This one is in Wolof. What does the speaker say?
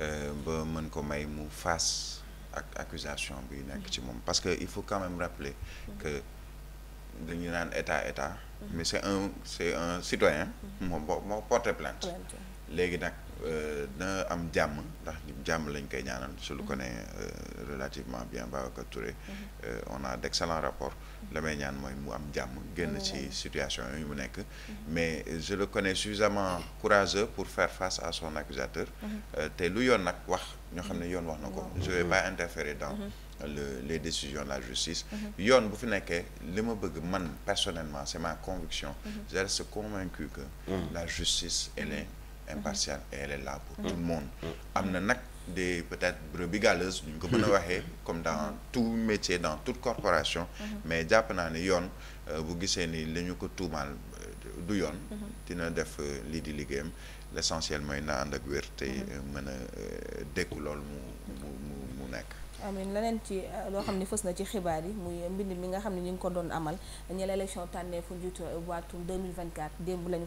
Euh, ba mën ko may mu fas ak accusation bi nekk ci moom parce que il faut quand même rappeler que dañu naan état état mm-hmm. mais c'est un c'est un citoyen mm-hmm. moo moo porté plainte léegi nag euh, dina am jàmm ndax jàmm lañ koy ñaanal je le connais relativement bien Babacar Touré mm-hmm. euh, on a d'excellents rapports mm-hmm. la may ñaan mooy mu am jàmm génn ci mm-hmm. situation yu mu nekk mais euh, je le connais suffisamment courageux pour faire face à son accusateur euh, te lu yoon nag wax ñoo xam ne yoon wax na ko je vais pas interférer dans le les de la justice yoon bu fi nekkee li ma bëgg man personnellement c'est ma conviction je reste convaincu que mm. la justice elle impartiale et elle est là pour mm. tout le mm. am na nag des peut-être brebis galeuses ñu ko mën a mm. waxee comme dans tout métier dans toute corporation mm-hmm. mais jàpp naa ni yoon euh, bu gisee ni lañu ñu ko tuumaal euh, du yoon mm-hmm. dina def euh, lii di liggéeyam l'essentiel mooy na ànd ak wér te mm-hmm. mën a dékku loolu mu mu mu nekk amin leneen ci loo xam ne fës na ci xibaar yi muy mbind mi nga xam ne ñu ko doon amal ñe la élection tànneefu njiitu bu atum 2024 démb lañu